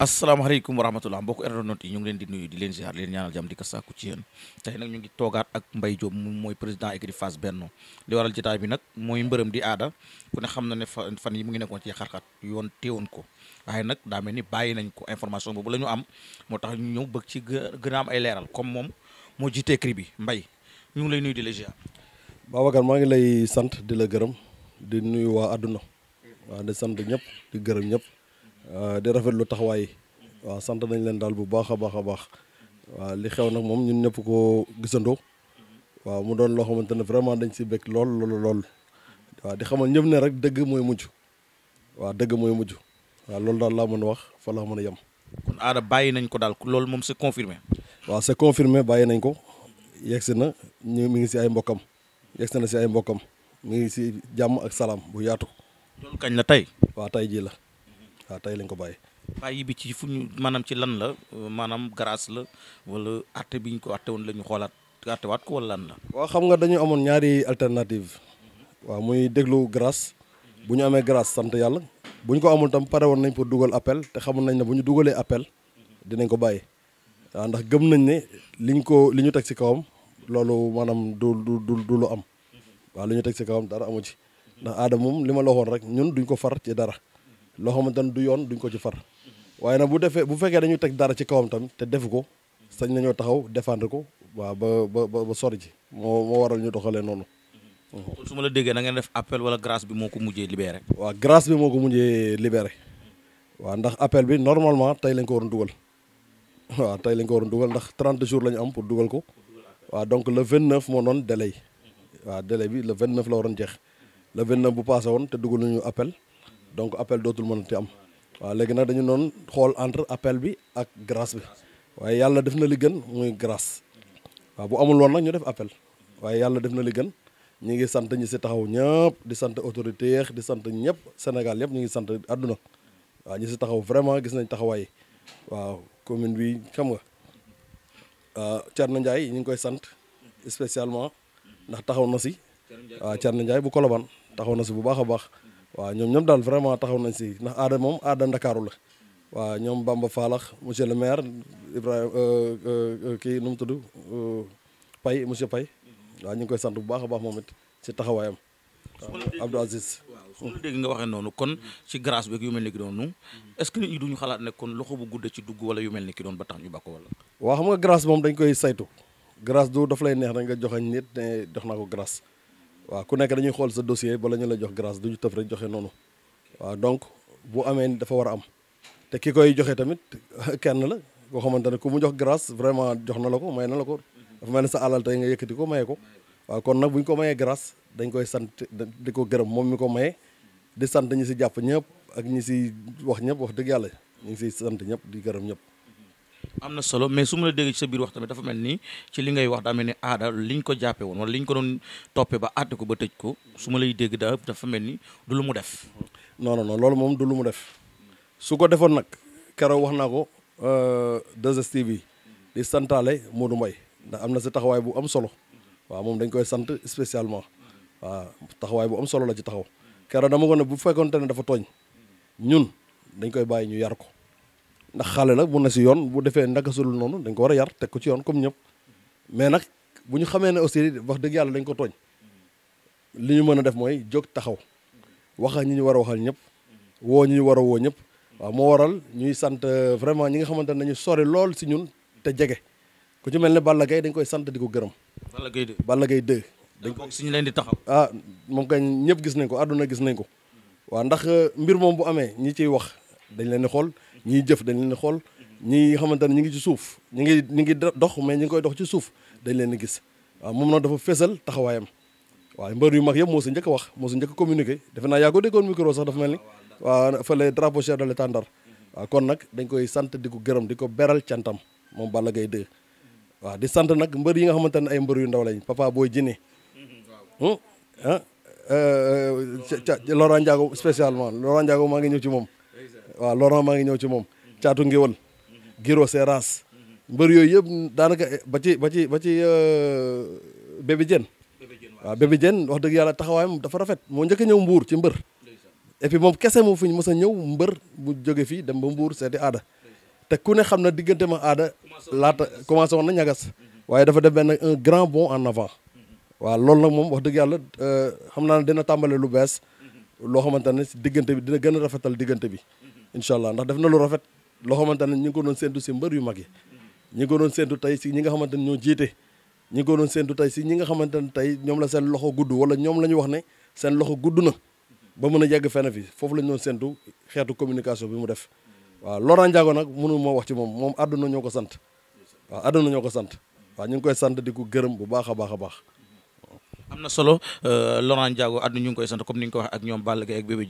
asalaamaaleykum wa rahmatulah mbokk internautes yi ñu ngi leen di nuyu di leen ziar leen ñaanal jàmm di ko sàkku ci yéen tey nag ñu ngi toogaat ak Mbaye Diop moom mooy président écurie Fass Benno li waral jotaay bi nag mooy mbërëm di aada ko ne xam na ne fan yi mu ngi nekkoon ci xarxat yoon teewoon ko waaye nag daa mel ni bàyyi nañ ko information boobu la ñu am moo tax ñu ñëw bëgg ci gën a am ay leeral comme moom moo jiite écurie bi mbay ñu ngi lay nuy di la ziar. Babacar maa ngi lay sant di la gërëm di nuyu waa àdduna waa di sant ñëpp gërëm ñëpp. Euh, di rafet rafetlu taxawaay waa sant nañ leen daal bu baax a baax a baax waaw li xew nag moom ñun ñëpp ko gisandoo waaw mu doon loo xamante ne vraiment dañ si bëgg lool lool lool waaw di xamal ñëpp ne rek dëgg mooy mujj waaw dëgg mooy mujj waaw loolu daal laa mën a wax fa laa mën a yem. kon aada bàyyi nañ ko daal loolu moom c'est confirmé. waaw c'est confirmé bàyyi nañ ko yegsi na ñu mi ngi si ay mbokkam yegsi na si ay mbokkam mu ngi si jàmm ak salaam bu yaatu. loolu kañ la tey. waaw tey jii la. waa tey lañ ko bàyyi. bàyyi bi ci fu ñu maanaam ci lan la maanaam grâce la wala arte bi ñu ko àtte woon la ñu xoolaat àttewaat ko wala lan la. waaw xam nga dañu amoon ñaari alternative waaw muy déglu grâce bu ñu amee grâce sant yàlla bu ñu ko amul tam pare woon nañ pour dugal appel te xamoon nañ ne bu ñu dugalee appel dinañ ko bàyyi waaw ndax gëm nañ ne liñ ko li ñu teg ci kawam loolu maanaam du du du lu am waaw li ñu teg ci kawam dara amu ci ndax aada moom li ma la rek ñun duñ ko far ci dara. loo xamante ne du yoon duñ ko ci far waaye nag bu defee bu fekkee dañu teg dara ci kawam tamit te defu ko sañ nañoo taxaw défendre ko waa ba ba ba sori ji moo moo waral ñu doxalee noonu. Mm-hmm. kon su ma la déggee da ngeen def appel wala grace bi moo ko mujjee libéré. waaw grâce bi moo ko mujjee libéré waaw ndax appel bi normalement tey lañ ko war a dugal waaw tey lañ ko war a dugal ndax 30 jours la ñu am pour dugal ko waaw donc le 29 moo noon délai waaw délai bi le 29 la waroon jeex le 29 bu passé woon te dugal nañu appel. donc appel dootul mënati am waaw léegi nag dañu noon xool entre appel bi ak grâce bi waaye yàlla def na li gën muy grâce waaw bu amul woon nag ñu def appel waaye yàlla def na li gën ñu ngi sant ñi si taxaw ñëpp di sant autorité yeex di sant ñëpp Sénégal yëpp ñu ngi sant àdduna waaw ñi si taxaw vraiment gis nañ taxawaay waaw commune bi xam nga ah, Thierno Ndiaye ñu ngi koy sant spécialement ndax taxaw na si waaw ah, Thierno Ndiaye bu Colobane taxaw na si bu baax a baax waaw ñoom ñoom daal vraiment taxaw nañ si ndax aada moom aada ndakaaru la waa ñoom Bamba Faalax monsieur le maire Ibrahima euh, euh, euh, kii nu mu tudd Pay monsieur Pay waaw ñu ngi koy sant bu baax a baax moom it si taxawaayam. Abdou Aziz waaw su ma dégg nga waxee noonu kon ci grâce beeg yu mel ni ki doonu est-ce que nit ñi duñu xalaat ne kon loxo bu gudde ci dugg wala yu mel ni ki doon ba tax ñu bàkko wala. waaw xam nga grâce moom dañ koy saytu grâce du daf lay neex rek nga joxañ nit ne jox naa ko waaw ku nekk dañuy xool sa dossier bala ñu la jox grâce duñu tëf rek joxe noonu waaw donc bu amee dafa war a am te ki koy joxe tamit kenn la koo xamante ne ku mu jox grâce vraiment jox na la ko may na la ko dafa mel ne sa alal tey nga yëkkati ko maye ko waa kon nag bu ñu ko mayee grâce dañ koy sant di ko gërëm moom mi ko maye di sant ñi si jàpp ñëpp ak ñi si wax ñëpp wax dëgg yàlla ñu ngi siy sant ñëpp di gërëm ñëpp am na solo mais su ma la déggee ci sa biir wax tamit dafa mel ni ci li ngay wax daa mel ni aada liñ ko jàppe woon wala liñ ko doon toppee ba àtte ko ba tëj ko su ma lay dégg daal dafa mel ni du lu mu def. non non loolu moom du lu mu def su ko defoon nag keroog wax naa ko euh, 2STV bi di santaale Modou Mbaye ndax am na si taxawaay bu am solo waaw moom dañ koy sant spécialement waaw taxawaay bu am solo la ci taxaw keroog dama ko ne bu fekkonte ne dafa tooñ ñun dañ koy bàyyi ñu yar ko. ndax xale la mun na si yoon bu defee ndaka sulul noonu dañ ko war a yar teg ko ci yoon comme ñëpp mais nag bu ñu xamee ne aussi wax dëgg yàlla dañ ko tooñ li ñu mën a def mooy jóg taxaw waxal ñi ñu war a waxal ñëpp woo ñi war a woo ñëpp waaw moo waral ñuy sant euh, vraiment ñi nga xamante ne dañu sori lool si ñun te jege ko ci mel ne Balla gay dañ koy sant di ko gërëm. Balla gay 2 Balla gay 2. dañ ko suñu leen taxaw. ah moom kañ ñëpp gis nañ ko àdduna gis nañ ko waaw ndax euh, mbir moom bu amee ñi ciy wax dañ leen di xool. ñiy jëf dañ leen xool ñi xamante ne ñi ngi ci suuf ñi ngi ñi ngi dox mais ñi ngi koy dox ci suuf dañ leen di gis waaw moom nag dafa feesal taxawaayam waaw mbër yu mag yëpp moo si njëkk wax moo si njëkk communiqué defe naa yaa ko déggoon micro sax dafa mel ni waaw fële drapeau chef de l'état Ndar kon nag dañ koy sant di ko gërëm di ko beral cantam moom bala Gaye 2 waaw di sant nag mbër yi nga xamante ne ay mbër yu ndaw lañ papa booy jinne ah Laurent Ndiago spécialement Laurent Ndiago maa ngi ñëw ci moom waaw Laurent maa ngi ñëw ci moom caatu ngéwal Giro Seras mbër yooyu yëpp daanaka eh, ba ci ba ci ba ci euh, Bébé Diène waaw Bébé wax dëgg yàlla taxawaayam dafa rafet moo njëkk ñëw mbuur ci mbër moom kese moo fi mës a ñëw mbër mu jóge fii dem ba mbuur seeti aada te ku ne xam na diggante ma aada laata commencé woon na waaye dafa def benn un grand en avant waaw loolu nag moom wax dëgg yàlla euh, xam naa ne dina tàmbale lu bees loo xamante ne diggante bi dina gën a rafetal diggante bi incha allah ndax def na lu rafet loo xamante ne ñi ko doon séntu si mbër yu mag yi ñi ko doon séntu tey si ñi nga xamante ne ñoo jiite ñi ngi ko doon séntu tey si ñi nga xamante ne tey ñoom la seen loxo gudd wala ñoom la ñu wax ne seen loxo gudd na ba mën a yegg fenn foofu la ñu doon séntu xeetu communication bi mu def waaw Laurent Ndiago nag mënu moo wax ci moom moom àdduna ñoo ko sant waaw àdduna ñoo ko sant waaw ñu ngi koy sant di ko gërëm bu baax a baax a baax am na solo euh, Laurent Ndiago àdduna ñu ngi koy sant comme ni nga ko waxee ak ñoom Balla Gaye ak Bébé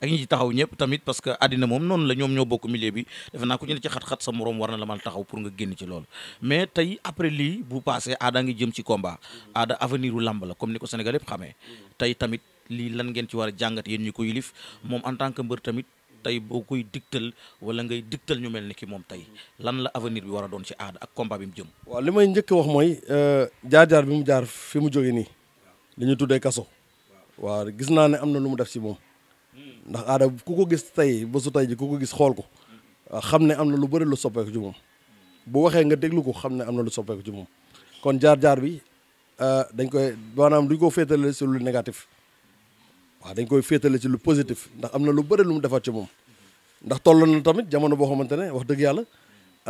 ak ñi ci taxaw ñëpp tamit parce que àddina moom noonu la ñoom ñoo bokk milieu bi defe naa ku ñu ne ci xat-xat sa moroom war na la mën taxaw pour nga génn ci loolu mais tey après lii avenir làmb la comme ni ko Sénégal yëpp tey tamit lii lan ngeen ci war a jàngat yéen ñu ko yilif moom en tant que mbër tamit tey boo koy digtal wala ngay digtal ñu mel ni ki moom tey lan la avenir bi war a doon ci aada ak combat bi m jëm. waaw li may njëkk wax mooy euh, jaar jaar bi mu jaar fi mu jógee nii. li ñu tuddee kaso waaw gis naa ne am na lu mu def si moom ndax aada ku ko gis tey ba su tey ji ku ko gis xool ko xam ne am na lu bari lu soppeeku ci moom waxee nga déglu ko xam ne am na lu soppeeku ci moom kon jaar-jaar bi euh, dañ koy maanaam duñ koo féetale si lu négatif waaw dañ koy féetalee ci lu positif ndax am na lu bari lu mu defaat ci moom ndax toll na tamit jamono boo xamante ne wax dëgg yàlla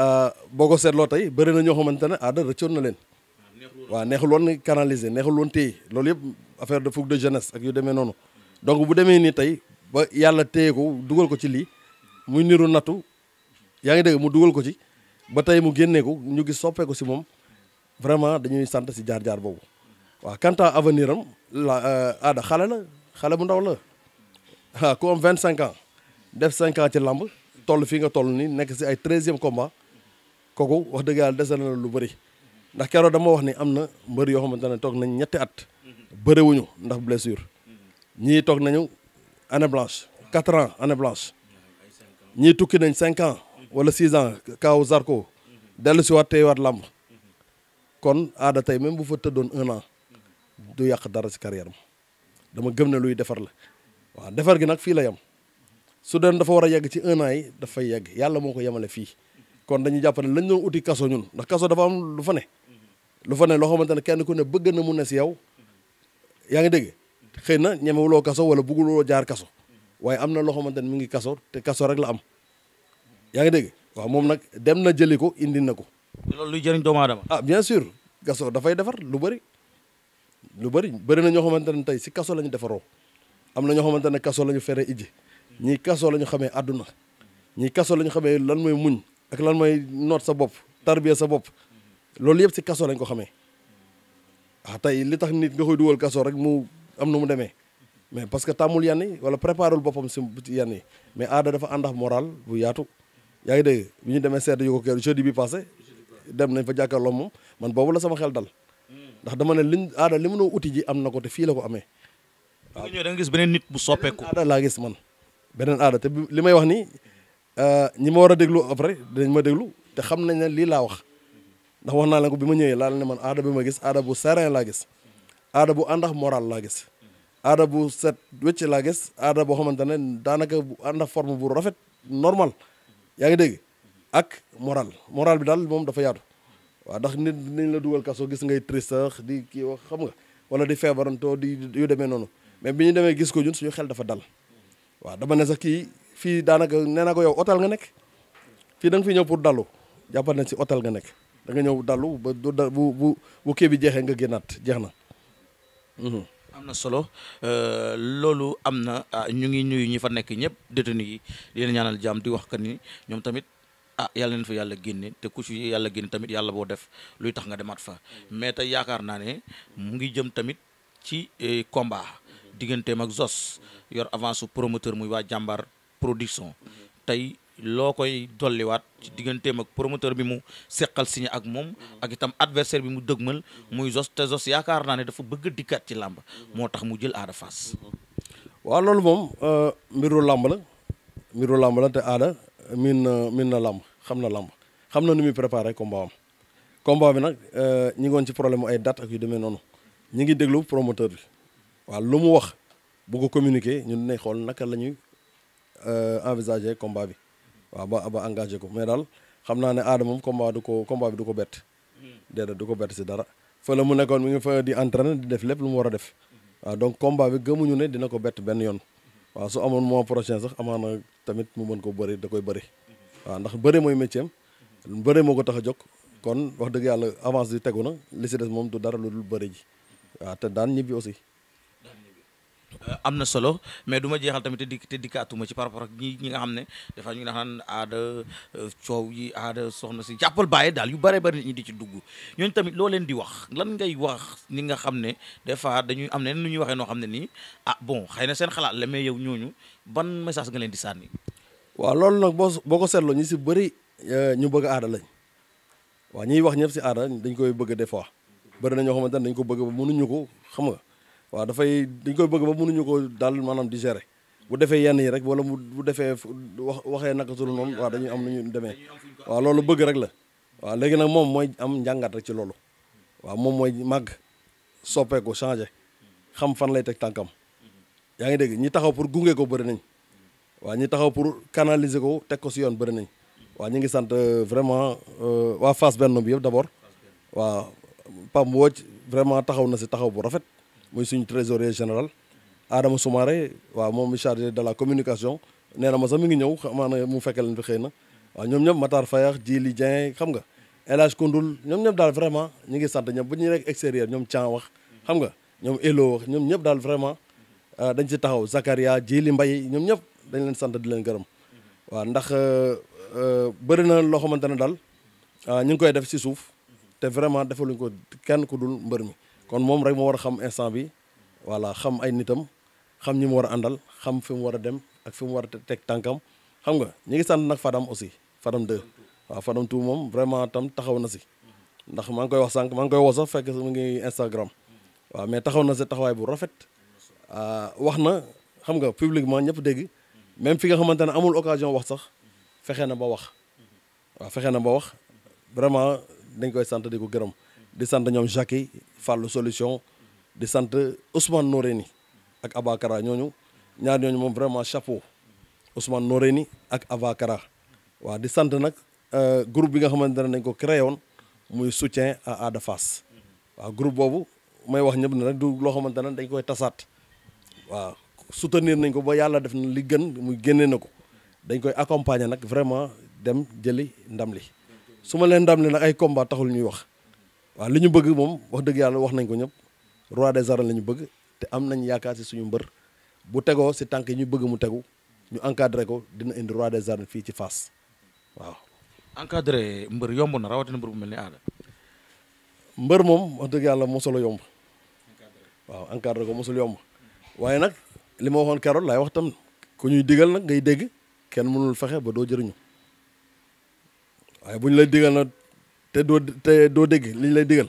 euh, boo ko seetloo tey bari na ñoo xamante ne aada rëccoon na leen waaw neexul loon canaliser neexul woon téye loolu yëpp affaire de fougue de jeunesse ak yu demee noonu donc bu demee nii tey ba yàlla téye ko dugal ko ci lii muy niru nattu yaa ngi dégg mu dugal ko ci ba tey mu génnee ko ñu gis soppee ko si moom vraiment dañuy sant si jaar-jaar boobu waaw quant à avenir am la aada euh, xale la xale bu ndaw la waaw ah, ku am vingt cinq ans def cinq ans ci lamb toll fii nga toll nii nekk si ay treizième combat kooku wax dëgg yàlla dese lu bëri ndax keroog dama wax ni am na mbër yoo xamante ne toog nañ ñetti at bëriwuñu ndax blessure ñii toog nañu année blanche quatre ans année blanche ñii tukki nañ cinq ans wala six ans kaaw Zarko dellu si waat tey waat làmb kon aada tey même bu fa tëddoon un du yàq dara si carrière am dama gëm ne luy defar la waa defar gi nag fii la yem su doon dafa war a yegg ci un yi dafay yegg yàlla moo ko yemale fii kon dañu jàpp ne lañ doon uti kaso ñun ndax kaso dafa lu fa ne lu fa ne loo xamante ne kenn ku ne bëgg na mun na si yow yaa ngi dégg xëy na ñemewuloo kaso wala bëgguloo jaar kaso waaye am na loo xamante ne mu ngi kaso te kaso rek la am yaa ngi dégg waaw moom nag dem na jëli ko indi na ko. loolu luy jëriñ doomu aadama. ah bien sûr kaso dafay defar lu bëri lu bëri bëri na ñoo xamante ne tey si kaso la defaroo am na ñoo xamante ne kaso la fere ijji ñii kaso lañu xamee àdduna ñii kaso lañu xamee lan mooy muñ ak lan mooy noot sa bopp tarbiya sa bopp. loolu yëpp si kaso lañ ko xamee ah tey li tax nit nga koy dugal kaso rek mu am nu mu demee mais parce que tàmmul yan yi wala préparé wul boppam si yan yi mais aada dafa ànd ak moral bu yaatu yaa ngi dégg bu ñu demee seetlu yu ko kër jeudi bi passé dem nañ fa jàkkaarloo moom man boobu la sama xel dal ndax dama ne liñ aada li ma mënoo uti ji am na ko te fii la ko amee. waa da gis beneen nit bu soppeeku. aada laa gis man beneen aada te li may wax ni euh, ñi ma war a déglu après dinañ ma déglu te xam nañ ne lii laa wax. ndax wax naa leen ko bi ma ñëwee laal ne man aada bi ma gis aada bu serein laa gis aada bu àndax moral laa gis aada bu set wécc laa gis aada boo xamante ne daanaka bu àndax forme bu rafet normal yaa ngi dégg ak moral moral bi daal moom dafa yaatu waa ndax nit nañ la dugal kaso gis ngay triste di kii wax xam nga wala di feebarantoo di yu demee noonu mais bi ñu demee gis ko ñun suñu xel dafa dal waaw dama ne sax kii fii daanaka nee naa ko yow hôtel nga nekk fii da fi ñëw pour dalu jàppal nañ si hôtel nga nekk da nga ñëw dalu ba du da bu bu bu kii bi jeexee nga génn at jeex na. Mhm. am na solo euh, loolu am na ah, ñu ngi ñuy ñi fa nekk ñëpp détenu yi dina ñaanal jàmm di wax que ni ñoom tamit ah yàlla leen fa yàlla génne te ku ci yàlla génne tamit yàlla boo def luy tax nga demaat fa mhm. mais tey yaakaar naa ne mu ngi jëm tamit ci eh, combat digganteem ak Zos mhm. yor avance su promoteur muy waa jàmbaar production tey. loo koy dolliwaat ci digganteem ak promoteur bi mu seqal signé ak moom ak itam adversaire bi mu dëgmal muy Zoss te Zoss yaakaar naa ne dafa bëgg a dikkaat ci làmb moo tax mu jël Ada Fass waaw loolu moom euh, mbiru làmb la mbiru làmb la te aada miin na miin na làmb xam na làmb xam na nu muy préparé combat am combat bi nag euh, ñi ngoon ci problème ay dat ak yu demee noonu ñi ngi déglu promoteur bi waaw lu mu wax bu ko communiquer ñun dinañ xool naka la ñuy euh, envisager combat bi waaw ba ba engagé ko mais daal xam naa ne aada moom combat du ko combat bi du ko bett. déedéet du ko bett si dara fa la mu nekkoon mu ngi fa di entraîné di def lépp lu mu war a def. waaw donc combat bi gëmuñu ne dina ko bett benn yoon. waaw su amoon mois prochain sax amaana tamit mu mën ko bëri da koy bëri. waaw ndax bëri mooy métier am. bëri moo ko tax a jóg. kon wax dëgg yàlla avance bi tegu na li si des moom du dara lu dul bëri ji. waaw te daan ñibbi aussi. Euh, am na solo mais du ma jeexal tamit te dikk te dikkaatuma ci par rapport ak ñi nga xam ne dafa ñu ngi naan aada euh, coow yi aada soxna si jàppal bàyyi daal yu bare bari nit di ci dugg ñooñu tamit loo leen di wax lan ngay wax ni nga xam ne des fois dañuy am ne lu ñuy waxee noo xam ne nii ah bon xëy na seen xalaat la may yow ñooñu ban message nga leen di sànni. waaw loolu nag boo boo ko seetloo ñu si bëri euh, ñu bëgg aada lañ waa ñiy wax ñëpp si aada dañ koy bëgg des fois bëri na ñoo xamante ne dañ ko bëgg nu ñu ko xam nga waaw dafay dañ koy bëgg ba mënuñu ko daal maanaam di gérer bu defee yenn yi rek wala mu bu defee wax waxee naka sunu noonu dañuy am nu ñu demee waaw loolu bëgg rek la waa léegi nag moom mooy am njàngat rek ci loolu waaw moom mooy màgg soppeeku changé xam fan lay teg tànkam yaa ngi dégg ñi taxaw pour gunge ko bëri nañ waaw ñi taxaw pour canaliser ko teg ko si yoon bëri nañ waaw ñu ngi sant euh, vraiment euh, waa Fass benn bi yëpp d'abord waa Pam Wodj vraiment taxaw na si taxaw bu rafet muy suñu trésorier général Adama Soumaré waaw moom chargé de la communication nee na ma sax mi ngi ñëw xamaana mu fekkee leen fi xëy na waaw ñoom ñëpp Matar Fayax Djili Dieng xam nga El Hadj Koundoul ñoom ñëpp daal vraiment ñu ngi sant bu ñu rek extérieur ñoom Thian wax xam nga ñoom Elo ñoom ñëpp daal vraiment euh, dañ ci taxaw Zakaria Djili mbay ñoom ñëpp dañ leen sant di leen gërëm waaw ndax euh, euh, bëri na loo xamante ne daal ah, ñu ngi koy def si suuf te vraiment defaluñ ko kenn ku dul mbër mi kon moom rek moo war a xam instant bi voilà xam ay nitam xam ñi mu war a àndal xam fi mu war a dem ak fi mu war a teg tànkam xam nga ñu ngi sant nag Fadam aussi Fadam 2 waaw Fadam 2 moom vraiment tam taxaw na si ndax maa ngi koy wax sànq maa ngi koy woo sax fekk mu ngi Instagram waa mais taxaw na si taxawaay bu rafet ah, wax na xam nga publiquement ñëpp dégg même fi nga xamante ne amul occasion wax sax fexe na ba wax waa fexe na ba wax vraiment dañ koy sant di ko gërëm. di sant ñoom Jackie Fallou solution di sant Ousmane Noreni ak Abakara ñooñu ñaar ñooñu moom vraiment chapeau Ousmane Noreni ak Abakara waa di sant nag euh, groupe bi nga xamante ne dañ ko créé woon muy soutien à Ada groupe boobu may wax ñëpp ne rek loo xamante ne dañ koy tasaat waaw soutenir nañ ko ba yàlla def na li gën muy génnee na ko dañ koy accompagner nag vraiment dem jëli ndam li su ma leen ndam li nag ay combat taxul ñuy wax waaw li ñu bëgg moom wax dëgg yàlla wax nañ ko ñëpp roi de arènes la ñu bëgg te am nañ yaakaar si suñu mbër bu tegoo si tànk yi ñu bëgg mu tegu ñu encadré ko dina indi roi des arènes fii ci Fass waaw. encadré mbër yomb na rawatina mbër bu mel ni aada. moom wax dëgg yàlla mosula yomb. waaw encadré ko mosul yomb waaye nag li ma waxoon keroog laay wax tam ku ñuy digal nag ngay dégg kenn mënul fexe ba doo jëriñu waaye bu ñu lay digal nag te doo te doo dégg liñ lay digal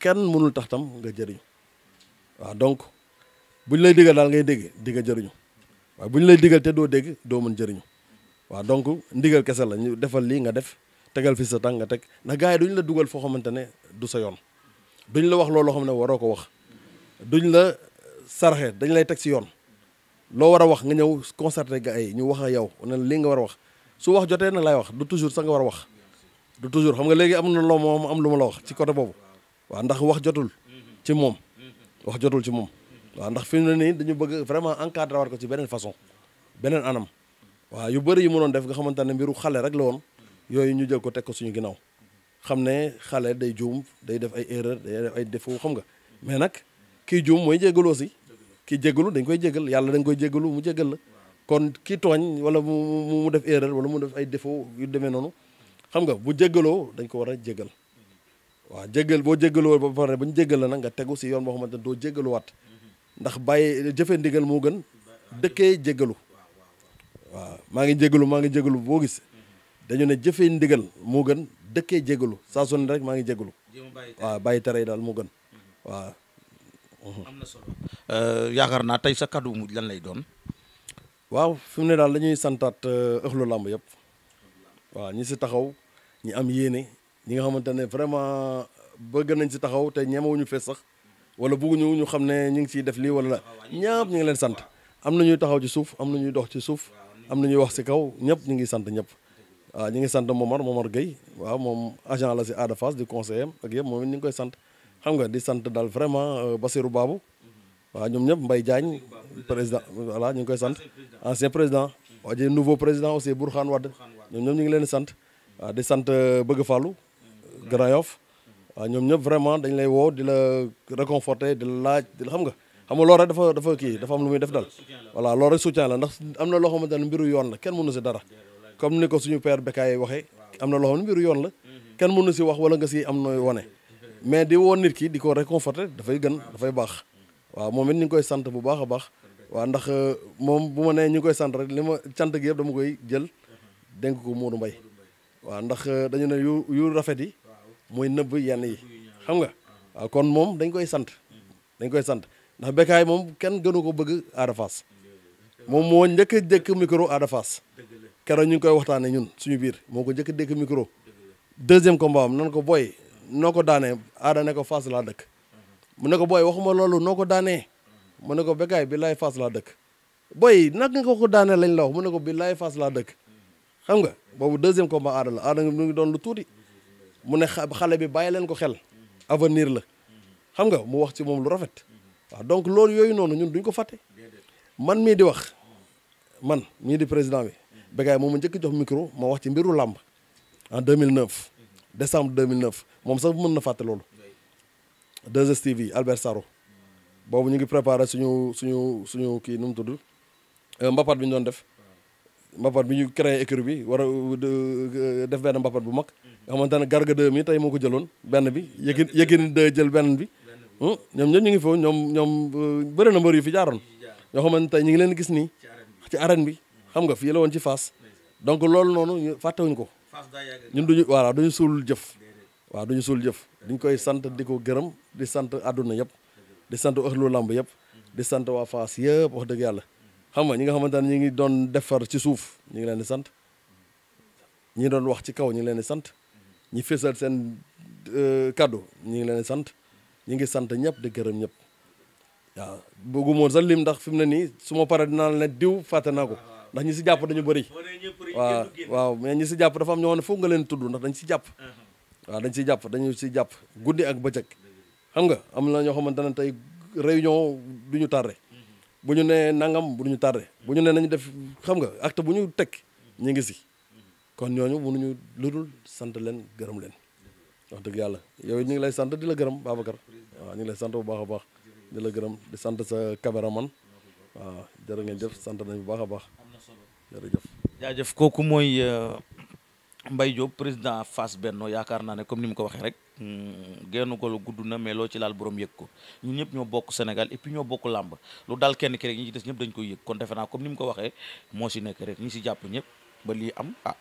kenn mënul tax tam nga jëriñu waaw donc buñ lay digal daal ngay dégg di nga jëriñu bu buñ lay digal te doo dégg doo mën jëriñu waaw donc ndigal kese la ñu defal lii nga def tegal fi sa tànk nga teg ndax gars yi duñ la dugal foo xamante ne du sa yoon duñ la wax looloo xam ne waroo ko wax duñ la saraxe dañu lay teg si yoon loo war a wax nga ñëw concerté gars yi ñu wax a yow ne li nga war a wax su wax jotee nag laay wax du toujours sax nga war a wax du toujours xam nga léegi am na loo moom am lu ma la wax ci côté boobu waa ndax wax jotul ci moom wax jotul ci moom waaw ndax fi mu ne nii dañu bëgg vraiment encadré waat ko ci beneen façon beneen anam waaw yu bëri yu mënoon def nga xamante ne mbiru xale rek la woon yooyu ñu jël ko teg ko suñu ginnaaw xam ne xale day juum day def ay erreur day def ay défaut xam nga mais nag kii juum mooy jégalu aussi kii jégalu dañ koy jégal yàlla dañ koy jégalu mu jégal la kon kii tooñ wala mu mu def erreur wala mu def ay défaut yu demee noonu xam nga bu jéggaloo dañ ko war a jéggal waaw jéggal boo jéggaloo ba pare ba ñu jéggal la nga tegu si yoon boo xamante ne doo ndax bàyyi jëfe moo gën dëkkee jéggalu waaw maa ngi jéggalu maa ngi jéggalu boo gis dañu ne jëfe ndigal moo gën dëkkee jéggalu saa su ne maa ngi jéggalu waaw bàyyi tere yi daal moo gën waaw na solo euh, yaakaar naa tey sa kàddu mujj lay doon waaw fi mu ne daal dañuy santaat euh, ëxlu làmb yëpp waaw ñi si taxaw ñi am yéene ñi nga xamante ne vraiment bëgg nañ si taxaw te ñemewuñu fees sax wala bëgguñu ñu xam ne ñu ngi ciy def lii wala ñaap ñu ngi leen sant am na ñuy taxaw ci suuf am na ñuy dox ci suuf am na ñuy wax ci kaw ñëpp ñu ngi sant ñëpp. waaw ñu ngi sant Momar Momar Gueye waaw moom agent la si Ada Fass di conseiller am ak yëpp moom it ñu ngi koy sant xam nga di sant daal vraiment euh, Basirou baabu waa ñoom ñëpp mbay jaañ président voilà ñu ngi koy sant ancien président waa ji nouveau président aussi Bourkhane Wade ñoom ñoom ñu ngi leen sant waaw ah, di sant euh, Bëgg Fallou Grand Yoff waaw ah, ñoom ñëpp vraiment dañ lay woo di la réconforter di la laaj di la xam nga xam nga dafa dafa kii dafa am lu muy def daal voilà loolu rek soutien la ndax am na loo xamante ne mbiru yoon la kenn mënu si dara comme ni ko suñu père Bekaay waxee am na loo xam ne mbiru yoon la kenn mënu si wax wala nga si am nooy wane mais di woo nit ki di ko réconforter dafay gën dafay baax waaw moom it ñu ngi koy sant bu baax a baax waa ndax euh, moom bu ma nee ñu koy sant rek li ma cant gi yëpp dama koy jël dénk ko Modou Mbaye waaw ndax euh, dañu ne yu yu rafet yi mooy nëbb yenn yi xam nga kon moom dañ koy sant dañ koy sant ndax Bécaye moom kenn gënu ko bëgg Ada Fass moom moo njëkk a dékk micro Ada Fass keroog ñu ngi koy waxtaanee ñun suñu biir moo ko njëkk a dékk micro deuxième combat am nan ko booy noo ko daanee Ada ne ko Fass laa dëkk mu ne ko booy waxuma loolu noo ko daanee mu ne ko Bécaye bi laay Fass laa dëkk booy nag nga ko daanee lañ la mu ne ko bi laay Fass laa dëkk xam nga boobu deuxième combat aada la aada mu ngi doon lu tuuti mu ne xale bi bàyyi leen ko xel avenir la xam nga mu wax ci moom lu rafet waaw donc loolu yooyu noonu ñun duñ ko fàtte man mii di wax man mii di président bi Bécaye moom mu njëkk jox micro ma wax ci mbiru làmb en 2009 décembre 2009 moom sax mën na fàtte loolu 2STV Albert Sarro boobu ñu ngi préparé suñu suñu suñu kii nu mu tudd euh, mbapat bi ñu doon def mbapat bi ñu créé écurie bi war a def benn mbapat bu mag nga xamante ne garga deux mi tey moo ko jëloon benn bi yëgin yëgin deux jël benn bi hmm? ñoom ñëpp ñu ngi foofu ñoom ñoom euh, bëri na mbër yi fi jaaroon ñoo xamante tey ñu ngi leen gis nii ci arène bi xam nga fii la woon ci Fass donc loolu noonu fàttewuñ ko ñun duñu voilà duñu suul jëf waaw duñu suul jëf duñ koy sant di ko gërëm di sant àdduna yëpp di sant ëxlu làmb yëpp di sant waa Fass yëpp wax dëgg yàlla xam nga ñi nga xamante ne ñu ngi doon defar ci suuf ñu ngi leen di sant ñi doon wax ci kaw ñi leen sant ñi fésal seen euh, kàddu ñi ngi leen sant ñu ngi sant ñëpp di këram ñëpp waaw bëggu moon lim ndax fi mu ne nii suma ma paree dinaa ne diw fàtte naa ko ndax ñi si jàpp dañu bëri waaw waaw mais ñi si jàpp dafa am ñoo xam ne nga leen tudd ndax dañ si jàpp uh-huh. waaw dañ si jàpp dañu si jàpp guddi ak bëccëg xam nga am na ñoo xamante ne tey réunion du ñu tardé bu ñu nee nangam bu ñu tardé bu ñu nee nañu def xam nga acte bu ñu teg ñu ngi si kon ñooñu mënuñu lu dul sant leen gërëm leen wax dëgg yàlla yow ñu ngi lay sant di la gërëm Babacar waaw ñu ngi lay sant bu baax a baax di la gërëm di sant sa caméraman man jërë ngeen jëf sant nañ bu baax a baax jëf jaajëf kooku mooy euh, Mbaye Diop président Fass Benno yaakaar naa ne comme ni mu ko waxee rek. Hmm, genn golo gudd na mais loo ci laal borom yëg ko ñun ñëpp ñoo bokk Sénégal et puis ñoo bokk làmb lu daal kenn ki rek ñi ci des ñëpp dañ koy yëg kon defe naa comme ni mu ko waxee moo si nekk rek ñi si jàpp ñëpp ba ah,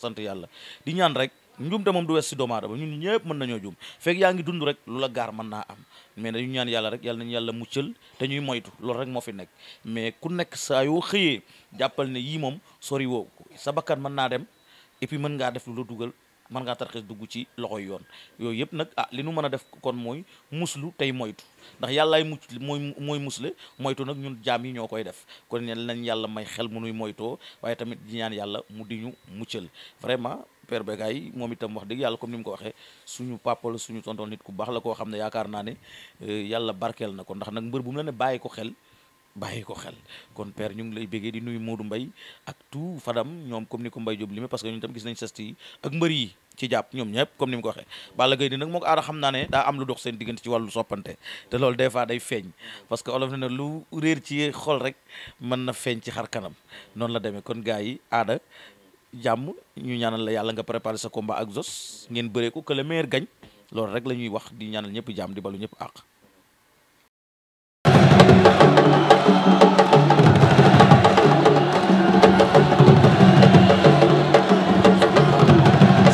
sant yàlla di ñaan rek njuumte moom du wes si doomu aadama ñun ñëpp mën nañoo juum fekk yaa ngi dund rek lu la gaar mën naa am mais dañu ñaan yàlla rek yàlla nañu yàlla muccal te ñuy moytu loolu rek moo fi nekk mais ku nekk saa yoo xëyee jàppal ne yii moom sori woo ko sa bakkan mën naa dem et puis mën ngaa def lu la dugal mën ngaa tarxis dugg ci loxoy yoon yooyu yëpp nag ah li nu mën a def kon mooy muslu tey moytu ndax yàllaay mucc mooy mooy musle moytu nag ñun jaam yi ñoo koy def kon ne nañ yàlla may xel mu nuy moytoo waaye tamit di ñaan yàlla mu di ñu muccal vraiment père Bécaye moom itam wax dëgg yàlla comme ni mu ko waxee suñu papa la suñu tonton nit ku baax la koo xam ne yaakaar naa ne euh, yàlla barkeel na ko ndax nag mbër bu mu la ne bàyyi ko xel bàyyi ko xel kon père ñu ngi lay béggee di nuyu Modou mbay ak tout Fadam ñoom comme ni ko Mbaye Diop limee parce que ñun gis nañ sest yi ak mbër yi jàpp ñoom ñëpp comme ni mu ko waxee Balla Gaye di nag moo ko aada xam naa ne daa am lu dox seen diggante ci wàllu soppante te loolu des fois day feeñ parce que olof ne lu réer ci xool rek mën na feeñ ci xar kanam noonu la demee kon gars yi aada jàmm ñu ñaanal la yàlla nga préparé sa combat ak Zos ngeen bëree ko que gañ meilleur loolu rek la ñuy wax di ñaanal ñëpp jàmm di balu ñëpp àq